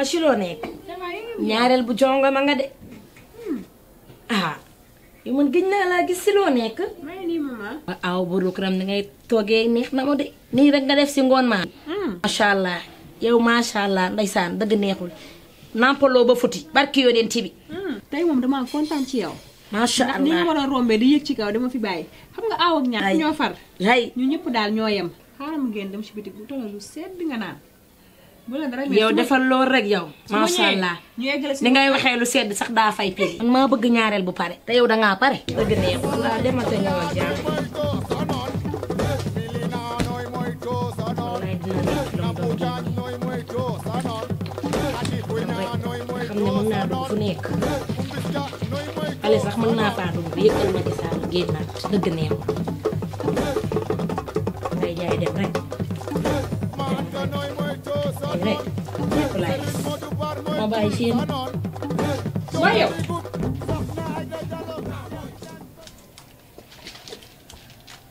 nga ci loo nekk ñaareel bu jongo ma nga de ah yu man gëj naa laa gis ci loo nekk ma aw buru këram ni ngay toogee neex na ma de nii rek nga def ci ngoon maa masha allah yow masha allah ndeysaan dëgg neexul nampaloo ba futi barki yoo den tibi tey moom damaa kontaan ci yow macha allah ni nga ci kaw dama fi bàyyi xam nga aaw ak ñaar ñoo far. ay ñu ñëpp daal ñoo yem. xaaral ma ngeen dem ci bitig bu tolloo lu sedd nga naan. yow defal loolu rek yow. macha allah ni ngay waxee lu sedd sax daa fay pili. man maa bëgg ñaareel bu pare te yow da ngaa pare. dëgg ne xam ne mën naa dugg fu nekk. ale sax mën naa faa dugg yëkkal ma ci saa génnaat dëgg ne yow. ngay jaay dem rek. dem rek ñëpp laay ma waaye yow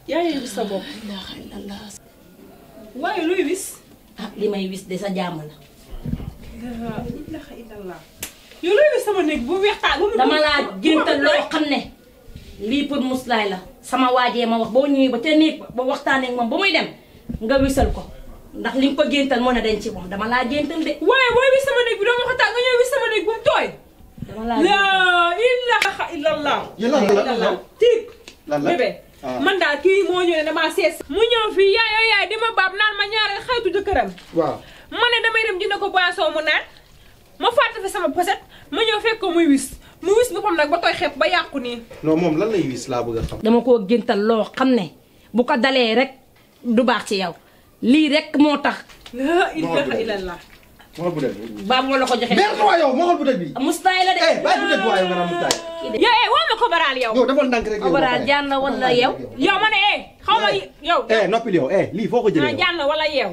yaa ngi wis sa bopp waaye luy wis ah li may wis de sa jàmm la yow luy wis sama néeg bu weextaan dama laa géntal muslaay la sama waajee ma wax boo ñëwee ba te néeg ba waxtaanee moom ba muy dem nga wisal ko ndax li nga ko géntal moo ne dañ ci moom dama laa géntal de. waaye booy bu mu tooy. dama laa géntal laa ilaha illallah. tiig ah. man daal kii moo ñëw damaa sees. mu ñëw fii yaayoo yaay di ma baab naan ma ñaareel waaw ma ne damay dem dina ko boisson mu naan ma fàtte fi sama poset ma fekk ko muy wis. mu wis nag ba tooy xepp ba yàqu nii. non moom lan lay wis laa bëgg a xam. dama koo géntal loo xam ne bu ko dalee rek du baax ci yow lii rek moo tax. la ilaha bu dee bi. la ko joxe. mais waaw yow bu dee bi. mustaay la de. eh bàyyi bu dee bi waaw yow eh, ma ko baral yow. yow dafa ndànk rek yow baral jaan yow. yow ne eh xaw ma eh. yow. eh noppil yow eh lii foo ko jëlee ah, yow. jaan wala yow.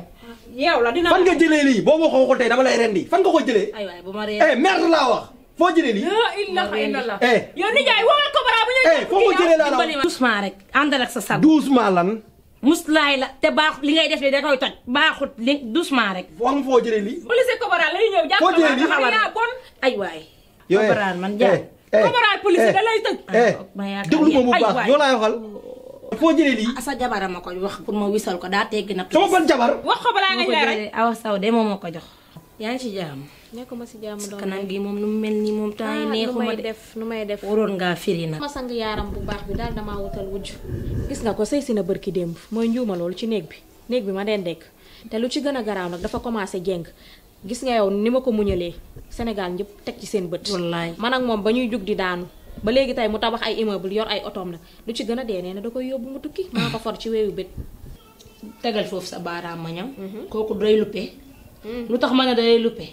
yow la dina fan nga jëlee lii boo ko waxul tey dama lay rendi fan nga ko jëlee. ay waay bu eh, wax. foo jëlee lii. la ilaha illallah. eh yow nijaay woo ko ah, jëlee laa la wax doucement rek àndal ak sa sal doucement lan muslaay la te baaxut li ngay def nii da koy toj baaxut li doucement rek. wax nga foo jëlee lii. policier Cobra lay ñëw jàpp na ay waay. yooyu eh, Cobra man jaay. Eh, eh, Cobra policier da lay tëj. Ah, ma yaakaar déglu ma bu baax yow laay waxal. foo jëlee lii. Ah, sa jabaram ma ko wax pour ma wisal ko daa teggi na. sama ban jabar. wax ko balaa nga ñu rek. awa saw de moom moo ko jox. yaa ngi ci jàmm. nekkuma si jàmm doom kanam moom nu mu mel nii moom temps yi ah, neexuma def nu may def waroon ngaa firi nag ma sang yaaram bu baax bi daal damaa wutal wujj gis nga ko sëy si na bërki démb mooy njuuma loolu ci néeg bi néeg bi ma deen dekk te lu ci gën a garaaw nag dafa commencé jéng gis nga yow ni ma ko muñalee Sénégal ñëpp teg ci seen bët wallaay man ak moom ba ñuy jug di daanu ba léegi tey mu tabax ay immeuble yor ay otoom la lu ci gën a dee nee na da koy yóbbu mu tukki maa ci weewu bët foofu sa baaraam ma ñam mhm. kooku lu tax ma ne dalay luppe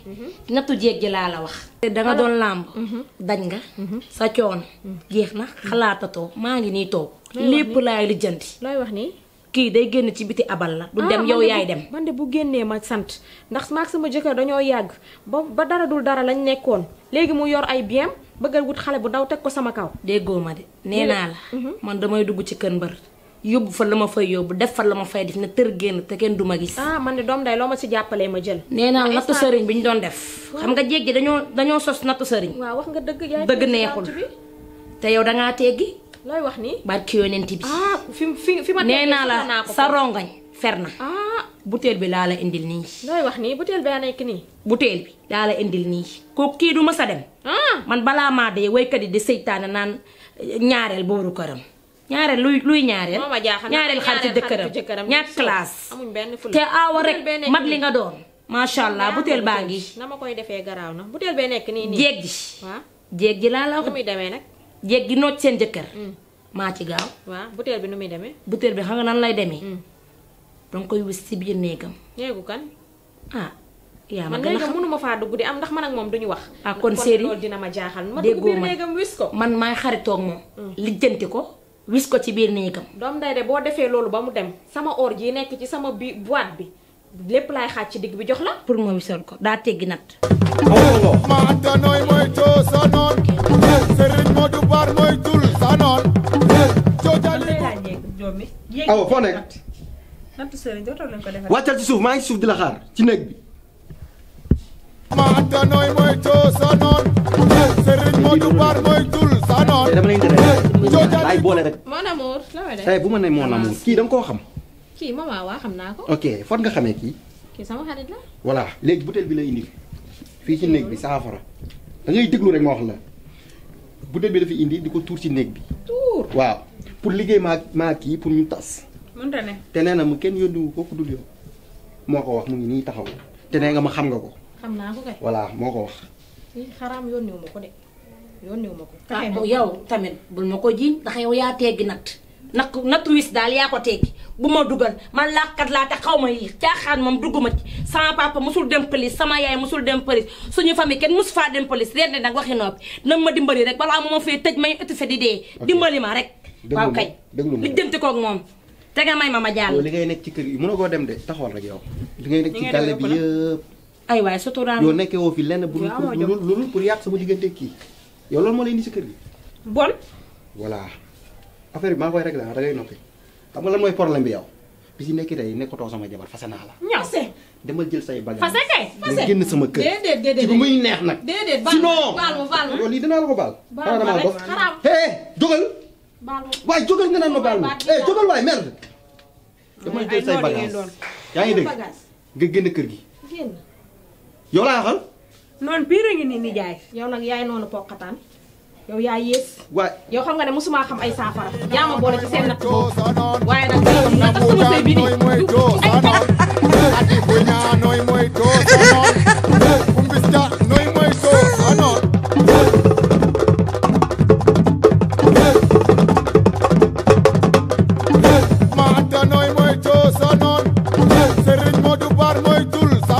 nattu jeeg ji laa la wax te danga doon làmb mhm. dañ nga mhm. sa coon mhm. jeex na xalaatatoo maa ngi nii toog lépp laay lijjandi looy wax nii kii day génn ci biti abal la. du ah, dem yow yaay dem man de bu génnee ma sant ndax maag sama jëkkër dañoo yàgg ba ba dara dul dara lañ nekkoon léegi mu yor ay biam bëggal wut xale bu ndaw teg ko sama kaw. déggoo ma de nee naa la. man damay dugg ci kër mbër. yóbbu fa lama fay yóbbu def fa la fay def na teur genn te ken duma gis. ah man de dom day loo ma si jàppalee ma jël. neena naa serigne biñ doon def. xam nga jéeg ji dañoo sos nattu serigne wa wax nga deug yaay deug neexul te yow da nga teggi. looy wax ni barki yonenti bi. ah fi fi fi ma nee la sa rongañ ferna ah bouteille bi la la indil ni, looy wax bouteille bi ya nek ni bouteille bi la la indil ni ko ki du ma sa dem. Ah. man bala ma de way kadi di seytaane nan ñaarel booru karam ñaareel luy luy ñaareel ñaareel xaritu deukeram ñaar classe te aawa rek mat li nga doon sha allah butel baangi nama koy defee graw na butel be nek ni ni jéeg ji jéeg ji la wax muy demee nag jéeg gi noot seen mm. ci gaaw wa butel bi numuy démé butel bi xam nga nan lay démé mm. dang koy wis ci biir néegam néegu kan ah ya ma gën mënu ma fa dugg di am ndax man ak mom duñu wax ah kon séri dina ma jaaxal ma dugg biir néegam wiss ko man may xaritok mom mm. lijeenti ko wis ko ci biir néegam. doom day de boo defee loolu ba mu dem sama or ji nekk ci sama bi boîte bi lépp laay xaaj ci digg bi jox la. pour ma wisal ko daa teggi natt. ma anta nooy moytu sa noon. Serigne Modou Bar moytul sa noon. ko awa foo nekk. nattu Serigne ci suuf maa ngi suuf di la xaar ci néeg bi. ma anta nooy moytu sa noon. Serigne Modou Bar dama lay intéressé laay boole rek mon amour tey ma ne mon amour kii da koo xam kii maman xam naa ko ok foot nga xamee kii kii sama la voilà léegi butéel bi lay indi fii si néeg bi saafara da ngay déglu rek ma wax la butéel bi dafa indi di ko tuur si néeg bi tuur waaw pour liggéey maa maa kii pour ñu tas mënta ne te nee mu kenn yónniwu ko dul yow moo ko wax mu ngi nii taxaw te nee nga ma xam nga ko xam naa moo ko wax kii xaraam yónneewu ma ko de yónneewu ma ko. ah yow tamit bul ma ko jiiñ ndax yow yaa teggi natt natt natt wis daal yaa ko teggi bu ma dugal man làkkat laa te xaw ma yi caaxaan moom dugguma ci sama papa musul dem police sama yaay musul dem police suñu famille kenn musu faa dem police leen nag waxi noppi na ma dimbali rek balaa ma fee tëj may ëtt fe di dee. dimbali ma rek. waaw kay lijjanti koog moom. te nga may ma ma jàll. li ngay nekk ci kër gi mënagoo dem de taxawal rek yow. li ngay nekk ci gàlle bi yëpp ay waay suturaam yow nekkee woo lenn bu dul pour yàq sama diggante kii yow loolu moo lay indi si kër gi bon bi maa koy réglé da ngay noppi bi yow bi si nekki tey nekkatoo sama jabar fase naa la jël say bagage sama kër déedéet neex nag déedéet baal sinon baal ma ma yow lii dinaa ko baal xanaa damaa dof xaraam hé jógal baal ma waaye jógal nga naan ma baal ma hé eh, jógal waay merde demal jël say bagage yaa ngi de nga génn kër gi yow laa waxal. noonu biir a ngi nii nijaay. yow nag yaay noonu poqataan yow yaa yées. waay yow xam nga ne mosuma xam ay saafara. yaa ma boole ci seen natt waaye nag yow nag sama sëy bi nii du ay